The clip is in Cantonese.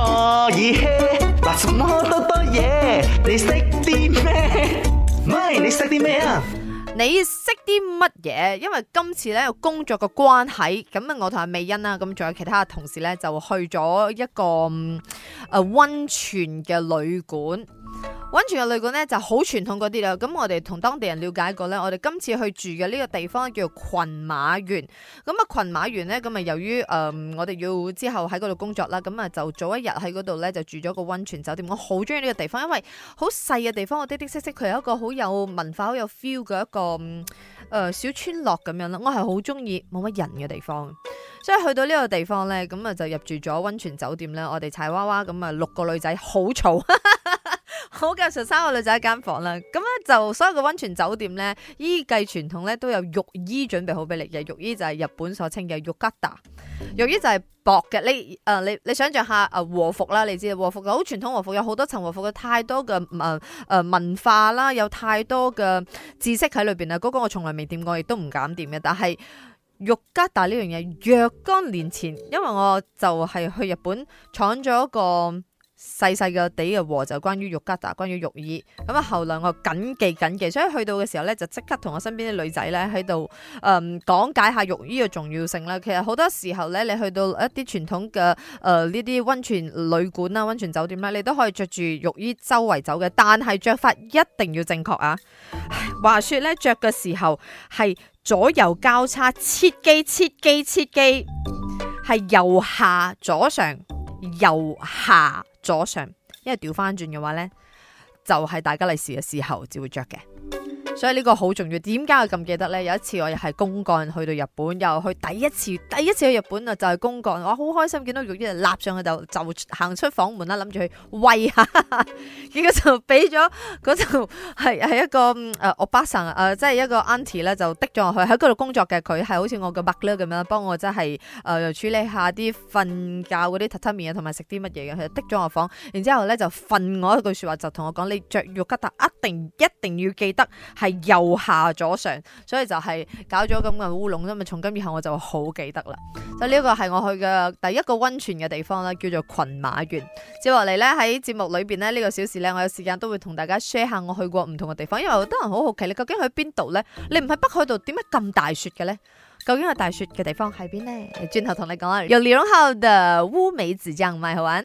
我嗱，什麼多嘢？你識啲咩？咪你識啲咩啊？你識啲乜嘢？因為今次咧，有工作嘅關係，咁啊，我同阿美欣啦，咁仲有其他同事咧，就去咗一個誒溫泉嘅旅館。溫泉嘅旅館咧就好、是、傳統嗰啲啦，咁我哋同當地人了解過咧，我哋今次去住嘅呢個地方叫做群馬園，咁啊群馬園呢，咁啊由於誒、呃、我哋要之後喺嗰度工作啦，咁啊就早一日喺嗰度咧就住咗個溫泉酒店，我好中意呢個地方，因為好細嘅地方，我的的確確，佢係一個好有文化、好有 feel 嘅一個誒、呃、小村落咁樣啦，我係好中意冇乜人嘅地方，所以去到呢個地方咧，咁啊就入住咗溫泉酒店咧，我哋柴娃娃咁啊六個女仔好嘈。 好，嘅，十三個女仔一間房啦。咁咧就所有嘅溫泉酒店咧，依計傳統咧都有浴衣準備好俾你嘅。浴衣就係日本所稱嘅浴吉達，浴衣就係薄嘅。你誒、呃，你你想象下誒和服啦，你知道和服好傳統和服，有好多層和服嘅，太多嘅誒誒文化啦，有太多嘅知識喺裏邊啦。嗰、嗰個我從來未掂過，亦都唔敢掂嘅。但係浴吉達呢樣嘢，若干年前，因為我就係去日本闖咗一個。細細個地嘅和就關於浴巾，達關於浴衣。咁啊，後來我謹記謹記，所以去到嘅時候呢，就即刻同我身邊啲女仔呢喺度誒講解下浴衣嘅重要性啦。其實好多時候呢，你去到一啲傳統嘅誒呢啲温泉旅館啊、温泉酒店咧，你都可以着住浴衣周圍走嘅，但係着法一定要正確啊。話說呢，着嘅時候係左右交叉，切記切記切記，係右下左上，右下，左上，因為調翻轉嘅話呢，就係、是、大家利是嘅時候就會着嘅。所以呢個好重要，點解我咁記得呢？有一次我又係公幹去到日本，又去第一次第一次去日本啊，就係、是、公幹，我好開心見到日本人立上去就就行出房門啦，諗住去喂下，結果就俾咗嗰就係係一個誒、呃、我伯神、呃、即係一個 uncle 就的咗落去喺嗰度工作嘅佢係好似我嘅 mother 咁樣，幫我即係誒處理下啲瞓覺嗰啲榻榻米同埋食啲乜嘢嘅，佢的咗我房，然之後呢，就訓我一句説話，就同我講：你着浴巾一定一定要記得右下咗上，所以就係搞咗咁嘅烏龍啫嘛。從今以後我就好記得啦。就呢個係我去嘅第一個溫泉嘅地方啦，叫做群馬縣。接落嚟呢，喺節目裏邊呢，呢個小時呢，我有時間都會同大家 share 下我去過唔同嘅地方，因為好多人好好奇，你究竟去邊度呢？你唔喺北海道，點解咁大雪嘅呢？究竟係大雪嘅地方喺邊呢？轉頭同你講啊，由鳥籠口到烏尾池真唔係好玩。